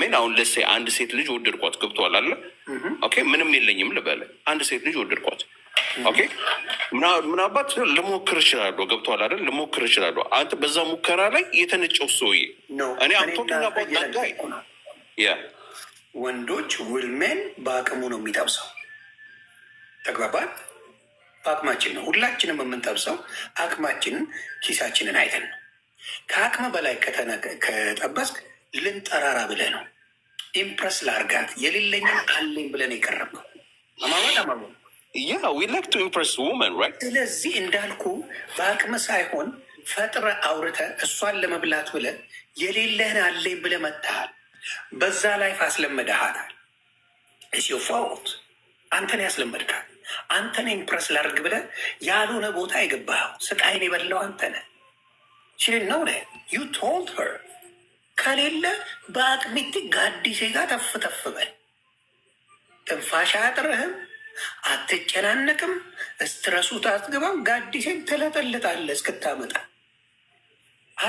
ምን አሁን ለሴ አንድ ሴት ልጅ ወደድኳት፣ ገብቷል አለ ኦኬ፣ ምንም የለኝም ልበለ አንድ ሴት ልጅ ወደድኳት፣ ኦኬ፣ ምናባት ልሞክር እችላለሁ፣ ገብተዋል አይደል? ልሞክር እችላለሁ። አንተ በዛ ሙከራ ላይ የተነጨው ሰውዬ እኔ ያ ወንዶች ውልሜን በአቅሙ ነው የሚጠብሰው። ተግባባል። በአቅማችን ነው ሁላችንም የምንጠብሰው፣ አቅማችንን ኪሳችንን አይተን ነው። ከአቅም በላይ ከጠበስክ ልንጠራራ ብለህ ነው። ኢምፕረስ ላርጋት የሌለኝም አለኝ ብለን የቀረብከው አማመን አማመ ስለዚህ እንዳልኩ በአቅመ ሳይሆን ፈጥረ አውርተ እሷን ለመብላት ብለ የሌለህን አለኝ ብለ መጥተሃል። በዛ ላይ አስለመደሃታል። እሲዮ ፋውት አንተን ያስለመድካል። አንተን ኢምፕረስ ላርግ ብለ ያልሆነ ቦታ የገባኸው ስቃይን የበለው አንተነ ችል ነው ዩ ቶልድ ሄር ከሌለ በአጥቢቲ ጋዲሴ ጋር ተፍ ተፍ በል። ትንፋሽ አያጥርህም፣ አትጨናነቅም፣ እስትረሱ ታስገባም። ጋዲሴን ትለጠልጣለህ እስክታመጣ።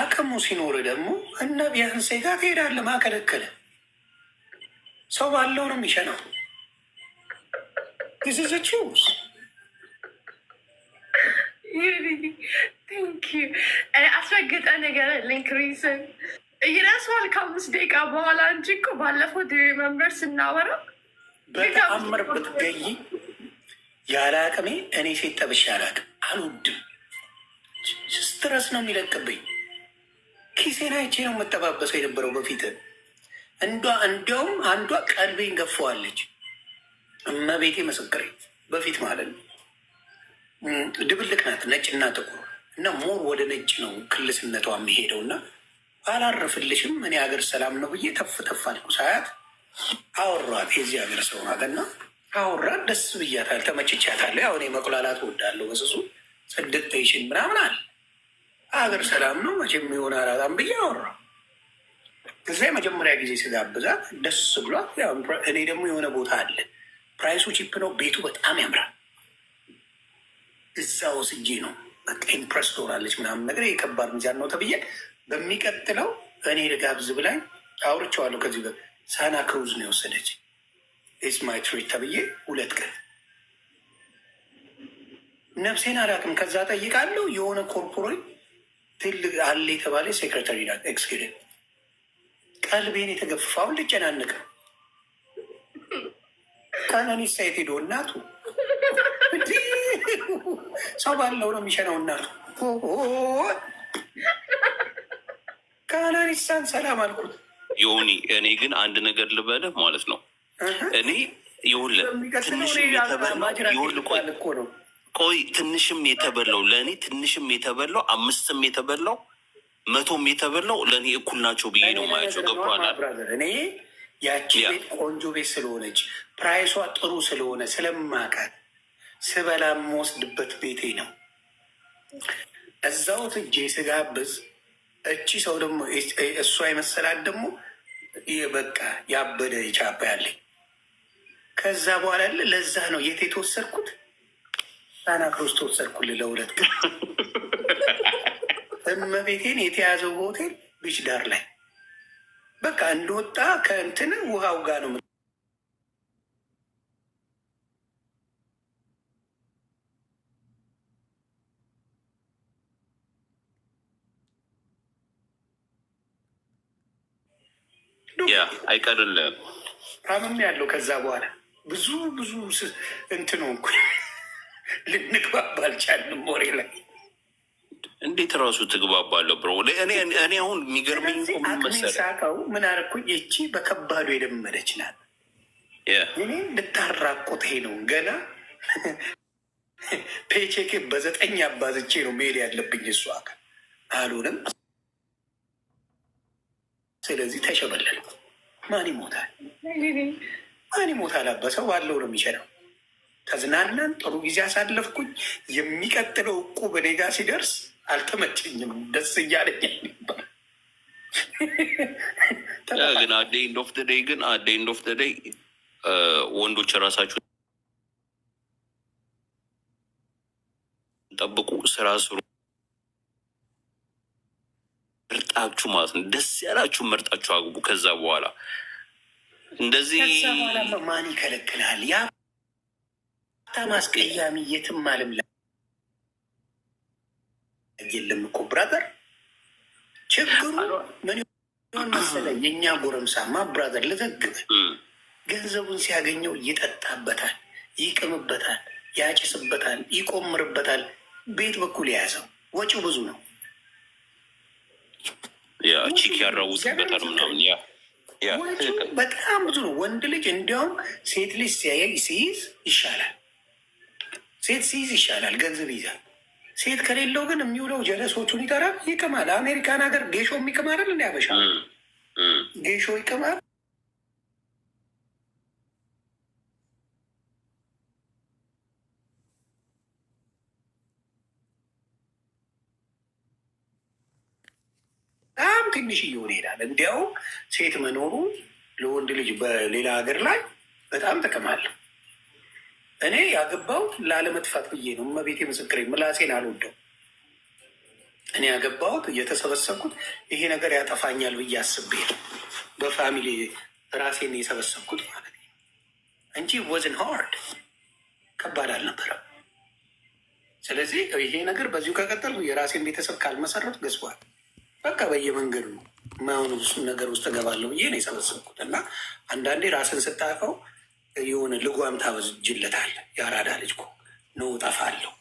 አቅሙ ሲኖር ደግሞ እነ ቢያንሴ ጋር ትሄዳለ። ማከለከለ ሰው ባለው ነው የሚሸነው። ዝዝችውስ አስረግጠ ነገር አለኝ ክሪስን ይረሳዋል ከአምስት ደቂቃ በኋላ እንጂ እኮ ባለፈው መንበር ስናወራ በተአምርበት ገይ ያለ አቅሜ እኔ ሴት ጠብሼ አላውቅም። አልወድም። ስትረስ ነው የሚለቅብኝ። ኪሴን አይቼ ነው የምጠባበሰው የነበረው በፊት እንዷ እንዲያውም አንዷ ቀልቤን ገፈዋለች። እመቤቴ ምስክሬ በፊት ማለት ነው። ድብልቅ ናት ነጭና ጥቁር እና ሞር ወደ ነጭ ነው ክልስነቷ የሚሄደው እና አላረፍልሽም እኔ ሀገር ሰላም ነው ብዬ ተፍ ተፍ አልኩ። ሰዓት አወሯት፣ የዚህ ሀገር ሰው ናት እና አወራት። ደስ ብያታል፣ ተመችቻታለሁ። ያው እኔ መቁላላት እወዳለሁ። በስሱ ስድትይሽን ምናምን አለ ሀገር ሰላም ነው መቼም የሆነ አራጣም ብዬ አወራ። እዛ የመጀመሪያ ጊዜ ስጋብዛት ደስ ብሏት፣ እኔ ደግሞ የሆነ ቦታ አለ ፕራይሱ ቺፕ ነው፣ ቤቱ በጣም ያምራል። እዛ ወስጄ ነው በቃ ኢምፕረስ ትሆናለች ምናምን ነገር የከባድ ሚዛን ነው ተብዬ በሚቀጥለው እኔ ልጋብዝ ብላኝ አውርቼዋለሁ። ከዚህ በ ሳና ክሩዝ ነው የወሰደች ኢስማይ ትሪት ተብዬ ሁለት ቀን ነፍሴን አላውቅም። ከዛ ጠይቃለሁ የሆነ ኮርፖሬት ትልቅ አለ የተባለ ሴክሬታሪ ናት። ኤክስኪደ ቀልቤን የተገፍፋውን ልጨናንቀ ቀነኒሳ የት ሄዶ እናቱ ሰው ባለው ነው የሚሸነው እናቱ ከአናኒሳን ሰላም አልኩ። ዮኒ እኔ ግን አንድ ነገር ልበልህ ማለት ነው። እኔ ይኸውልህ ቆይ ትንሽም የተበላው ለእኔ ትንሽም የተበላው አምስትም የተበላው መቶም የተበላው ለእኔ እኩል ናቸው ብዬ ነው ማያቸው። ገብቶሃል? እኔ ያቺ ቤት ቆንጆ ቤት ስለሆነች ፕራይሷ ጥሩ ስለሆነ ስለማቃት ስበላ የምወስድበት ቤቴ ነው። እዛው ትጄ ስጋብዝ እቺ ሰው ደግሞ እሷ የመሰላት ደግሞ በቃ ያበደ ቻባ ያለኝ ከዛ በኋላ ለ ለዛ ነው የት የተወሰድኩት ክሮስ ተወሰድኩል ለሁለት ቀን እመቤቴን የተያዘው ሆቴል ቢች ዳር ላይ በቃ እንደወጣ ከእንትን ውሃው ጋር ነው አይቀርልም። ታምም ያለው ከዛ በኋላ ብዙ ብዙ እንትን ሆንኩ። ልንግባባ አልቻልንም። ወሬ ላይ እንዴት ራሱ ትግባባለህ ብሮ? እኔ አሁን የሚገርመኝ ሳቀው ምን አደረኩኝ? ይቺ በከባዱ የለመደች ናት። እኔ ልታራቁቴ ነው ገና ፔቼክ በዘጠኝ አባዝቼ ነው ሜል ያለብኝ እሷ አካል አሉንም ስለዚህ ተሸበለል። ማን ይሞታል? ማን ይሞታል? አበሰው ባለው ነው የሚሸነው። ተዝናናን፣ ጥሩ ጊዜ አሳለፍኩኝ። የሚቀጥለው እቁብ እኔ ጋ ሲደርስ አልተመቸኝም፣ ደስ እያለኝ ግን አዴንድ ኦፍ ደይ ግን አዴንድ ኦፍ ደይ ወንዶች የራሳችሁ ጠብቁ፣ ስራ ስሩ። ምርጣችሁ ማለት ነው። ደስ ያላችሁ ምርጣችሁ አግቡ። ከዛ በኋላ እንደዚህ ማን ይከለክላል? ያ ማስቀያሚ የትም አለም ላይ የለም እኮ ብራዘር። ችግሩ ምን ሆን መሰለ የእኛ ጎረምሳማ ብራዘር ልዘግብ ገንዘቡን ሲያገኘው ይጠጣበታል፣ ይቅምበታል፣ ያጭስበታል፣ ይቆምርበታል። ቤት በኩል የያዘው ወጪው ብዙ ነው። ቺክ ያራውጥበታል ምናምን ያ በጣም ብዙ ነው። ወንድ ልጅ እንዲያውም ሴት ልጅ ሲይዝ ይሻላል፣ ሴት ሲይዝ ይሻላል። ገንዘብ ይዛል። ሴት ከሌለው ግን የሚውለው ጀለሶቹን ይጠራል፣ ይቅማል። አሜሪካን ሀገር ጌሾ የሚቅም አይደል? ጌሾ ይቅማል። ትንሽ እየሆነ ይሄዳል። እንዲያው ሴት መኖሩ ለወንድ ልጅ በሌላ ሀገር ላይ በጣም ጥቅም አለው። እኔ ያገባው ላለመጥፋት ብዬ ነው። እመቤቴ ምስክሬ፣ ምላሴን አልወደው። እኔ ያገባሁት የተሰበሰብኩት ይሄ ነገር ያጠፋኛል ብዬ አስቤ ነው። በፋሚሊ ራሴን የሰበሰብኩት ማለት ነው እንጂ ወዝን ሃርድ ከባድ አልነበረም። ስለዚህ ይሄ ነገር በዚሁ ከቀጠልኩ የራሴን ቤተሰብ ካልመሰረቱ ገዝቧል። በቃ በየመንገዱ ማሆኑ የማይሆኑ ነገር ውስጥ እገባለሁ ብዬ ነው የሰበሰብኩት። እና አንዳንዴ ራስን ስታውቀው የሆነ ልጓም ታበጅለታል። የአራዳ ልጅ እኮ ነው ጠፋለሁ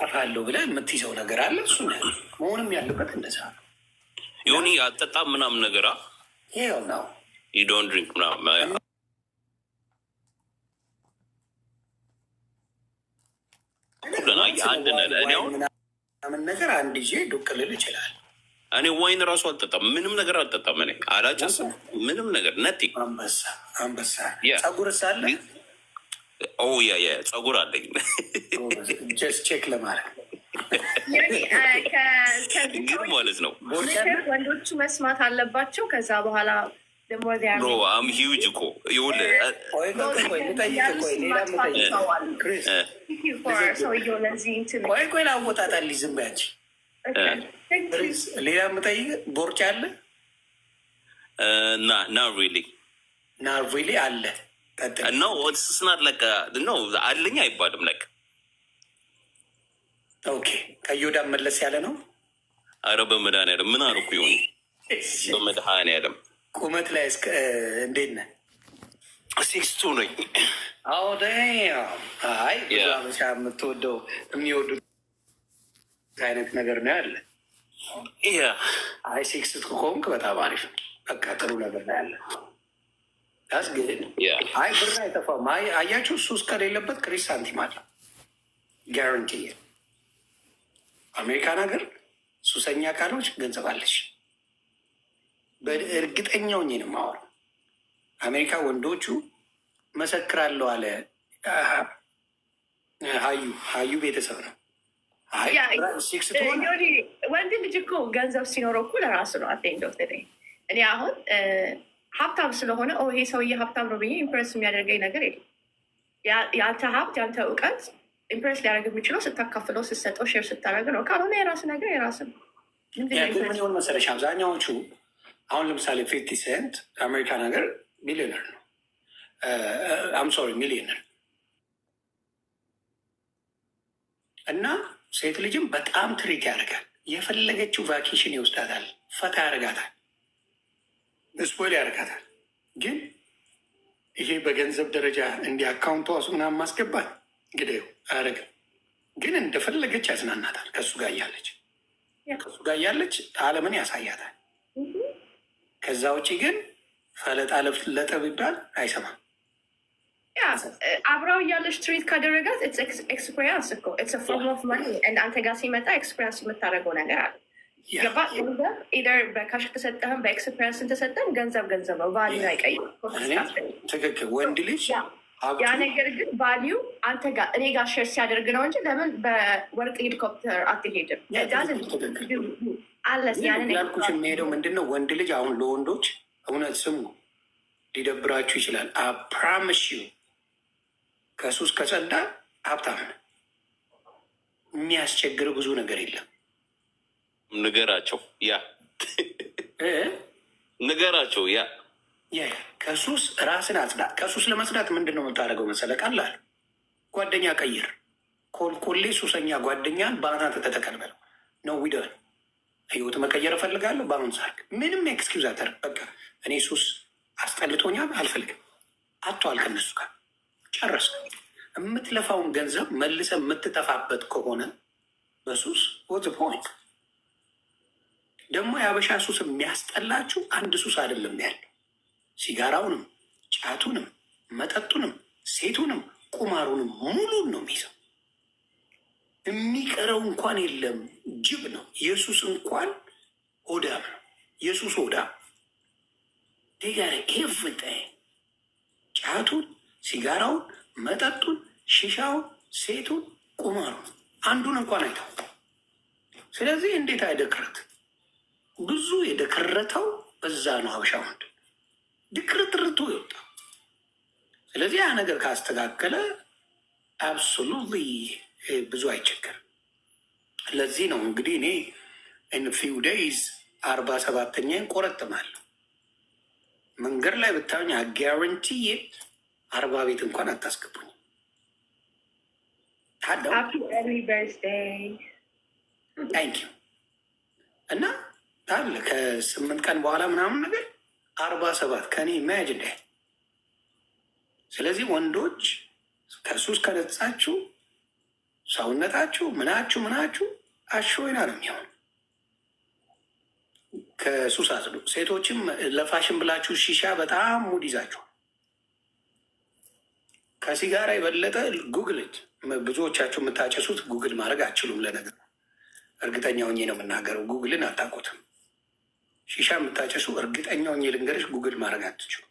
ጠፋለሁ ብለህ የምትይዘው ነገር አለ። እሱ መሆንም ያለበት እንደዛ ነው። ይሁን አጠጣም ምናምን ነገር ያው ነው ዶንት ድሪንክ ምናምን ምን ነገር አንድ ይዤ ዱቅ ልል ይችላል። እኔ ዋይን ራሱ አልጠጣም፣ ምንም ነገር አልጠጣም። እኔ አላጨስም፣ ምንም ነገር ነቲ አንበሳ አንበሳ። ጸጉር ሳለ ኦ ያ ያ ጸጉር አለኝ ቼክ ለማድረግ ግን ማለት ነው ወንዶቹ መስማት አለባቸው ከዛ በኋላ ብሮ አም ሂውጅ እኮ ይኸውልህ፣ ቆይ ቆይ ላወጣጣልሽ፣ ዝም በይ ሌላ የምጠይቅህ ቦርጭ አለ ና ሪሊ ና ሪሊ አለ ነው ስናት ለቀ ነው አለኝ አይባልም። ለቀ ኦኬ፣ ከዮዳ መለስ ያለ ነው። አረ በመድኃኒዓለም ምን አልኩ ይሆን በመድኃኒዓለም ቁመት ላይ እስከ እንዴት ነህ? ሲክስቱ ነኝ። አዎ አይ ሻ የምትወደው የሚወዱት አይነት ነገር ነው ያለ አይ ሲክስ ቱ ከሆንክ በጣም አሪፍ በቃ ጥሩ ነገር ነው ያለ ስ ግን አይ ብር አይጠፋም። አይ አያችሁ ሱስ ከሌለበት ክሪስ ሳንቲም አለ ጋራንቲ። አሜሪካን ሀገር ሱሰኛ ቃሎች ገንዘብ አለሽ። በእርግጠኛ ሆኜ ነው የማወራው። አሜሪካ ወንዶቹ መሰክራለሁ አለ ሀዩ ሀዩ ቤተሰብ ነው። ወንድ ልጅ እኮ ገንዘብ ሲኖረው እኮ ለራሱ ነው። አቴንዶ እኔ አሁን ሀብታም ስለሆነ ይሄ ሰውዬ ሀብታም ነው ብዬ ኢምፕረስ የሚያደርገኝ ነገር የለም። የአንተ ሀብት የአንተ እውቀት ኢምፕረስ ሊያደርግ የሚችለው ስታካፍለው፣ ስትሰጠው፣ ሼር ስታደርግ ነው። ካልሆነ የራስ ነገር የራስ ነው። ምን ሆን መሰለሽ አብዛኛዎቹ አሁን ለምሳሌ ፊፍቲ ሴንት አሜሪካን ሀገር ሚሊዮነር ነው። አም ሶሪ ሚሊዮነር እና ሴት ልጅም በጣም ትሪክ ያደርጋል። የፈለገችው ቫኬሽን ይወስዳታል፣ ፈታ ያደርጋታል፣ ስፖል ያደርጋታል። ግን ይሄ በገንዘብ ደረጃ እንዲህ አካውንቱ ዋሱ ምናምን ማስገባት እንግዲህ አያደርግም። ግን እንደፈለገች ያዝናናታል። ከሱ ጋር እያለች ከሱ ጋር እያለች አለምን ያሳያታል። ከዛ ውጭ ግን ፈለጣ ለጠ ቢባል አይሰማም። አብራው እያለች ትሪት ካደረጋት ኤክስፔሪንስ እኮ ፎርም ኦፍ ማኒ አንተ ጋር ሲመጣ ኤክስፔሪንስ የምታደርገው ነገር አለ። ገባ ኢደር በካሽ ተሰጠህም በኤክስፔሪንስ ተሰጠን ገንዘብ ገንዘብ ነው፣ ቫሊዩ አይቀይም። ትክክል ወንድ ልጅ ያ ነገር ግን ቫሊዩ አንተ ጋር እኔ ጋር ሼር ሲያደርግ ነው እንጂ ለምን በወርቅ ሄሊኮፕተር አትሄድም? አለስ የሚሄደው ምንድን ነው? ወንድ ልጅ አሁን ለወንዶች እውነት ስሙ ሊደብራችሁ ይችላል። አፕራምሽ ከሱስ ከጸዳ ሀብታም የሚያስቸግር ብዙ ነገር የለም። ንገራቸው ያ ንገራቸው ያ ከሱስ ራስን አጽዳ። ከሱስ ለመጽዳት ምንድን ነው የምታደርገው መሰለህ? ቀላል ጓደኛ ቀይር። ኮልኮሌ ሱሰኛ ጓደኛን በአናት ተተከልበለው ነው ዊደን ህይወት መቀየር እፈልጋለሁ። በአሁን ሰዓት ምንም ኤክስኪውዝ አተር በቃ እኔ ሱስ አስጠልቶኛል፣ አልፈልግም። አቷል ከነሱ ጋር ጨረስ። የምትለፋውን ገንዘብ መልሰ የምትጠፋበት ከሆነ በሱስ ወት ፖይንት ደግሞ የአበሻ ሱስ የሚያስጠላችሁ አንድ ሱስ አይደለም ያለው ሲጋራውንም፣ ጫቱንም፣ መጠጡንም፣ ሴቱንም፣ ቁማሩንም ሙሉን ነው የሚይዘው። የሚቀረው እንኳን የለም። ጅብ ነው። ኢየሱስ እንኳን ሆዳም ነው። ኢየሱስ ሆዳም ጋር ኤፍጠ ጫቱን፣ ሲጋራውን፣ መጠጡን፣ ሽሻውን፣ ሴቱን፣ ቁማሩን አንዱን እንኳን አይታወቁ። ስለዚህ እንዴት አይደክረት? ብዙ የደከረተው በዛ ነው። ሀበሻ ወንድ ድክርትርቱ ይወጣ። ስለዚህ ያ ነገር ካስተካከለ አብሶሉት ብዙ አይቸገርም። ለዚህ ነው እንግዲህ እኔ ኢንፊው ደይዝ አርባ ሰባተኛ ቆረጥማለሁ። መንገድ ላይ ብታዩኝ አጋረንቲ የት አርባ ቤት እንኳን አታስገቡኝ። ታንክ ዩ እና ታለ ከስምንት ቀን በኋላ ምናምን ነገር አርባ ሰባት ከኔ ማያጅ እንደ ስለዚህ ወንዶች ከሱስ ከነጻችሁ ሰውነታችሁ ምናችሁ ምናችሁ አሾይና ነው የሚሆን። ከሱስ አጽዱ። ሴቶችም ለፋሽን ብላችሁ ሺሻ በጣም ሙድ ይዛችኋል። ከሲጋራ የበለጠ ጉግል ብዙዎቻችሁ የምታጨሱት ጉግል ማድረግ አችሉም። ለነገር እርግጠኛ ሆኜ ነው የምናገረው፣ ጉግልን አታውቁትም። ሺሻ የምታጨሱ እርግጠኛ ሆኜ ልንገርሽ፣ ጉግል ማድረግ አትችሉ።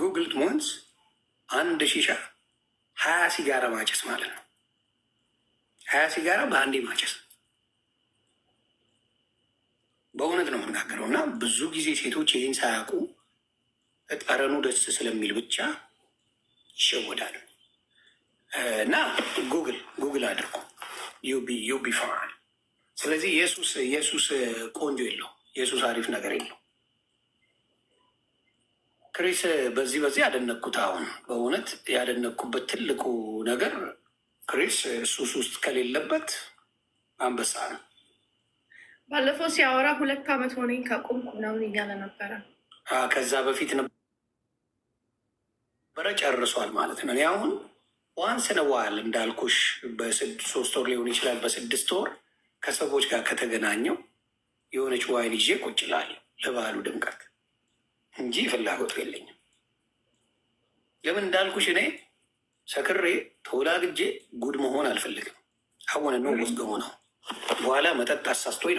ጉግል ሞንስ አንድ ሺሻ ሀያ ሲጋራ ማጨስ ማለት ነው። ሀያ ሲጋራ በአንዴ ማጨስ በእውነት ነው የምናገረው። እና ብዙ ጊዜ ሴቶች ይህን ሳያውቁ ጠረኑ ደስ ስለሚል ብቻ ይሸወዳሉ። እና ጉግል ጉግል አድርጉ ዩቢ ፋል። ስለዚህ ኢየሱስ ኢየሱስ ቆንጆ የለው ኢየሱስ አሪፍ ነገር የለው። ክሪስ በዚህ በዚህ ያደነኩት አሁን በእውነት ያደነኩበት ትልቁ ነገር ክሪስ ሱስ ውስጥ ከሌለበት አንበሳ ነው። ባለፈው ሲያወራ ሁለት ዓመት ሆነኝ ከቆምኩ ምናምን እያለ ነበረ። ከዛ በፊት ነበረ ጨርሷል ማለት ነው። አሁን ዋንስ ነዋል እንዳልኩሽ በሶስት ወር ሊሆን ይችላል በስድስት ወር ከሰዎች ጋር ከተገናኘው የሆነች ዋይን ይዤ ቁጭ እላለሁ ለባህሉ ድምቀት እንጂ ፍላጎቱ የለኝም። ለምን እንዳልኩሽ እኔ ሰክሬ ተወላግጄ ጉድ መሆን አልፈልግም። አሁን ነው ሙዝገሙ ነው። በኋላ መጠጥ አሳስቶኝ ነው።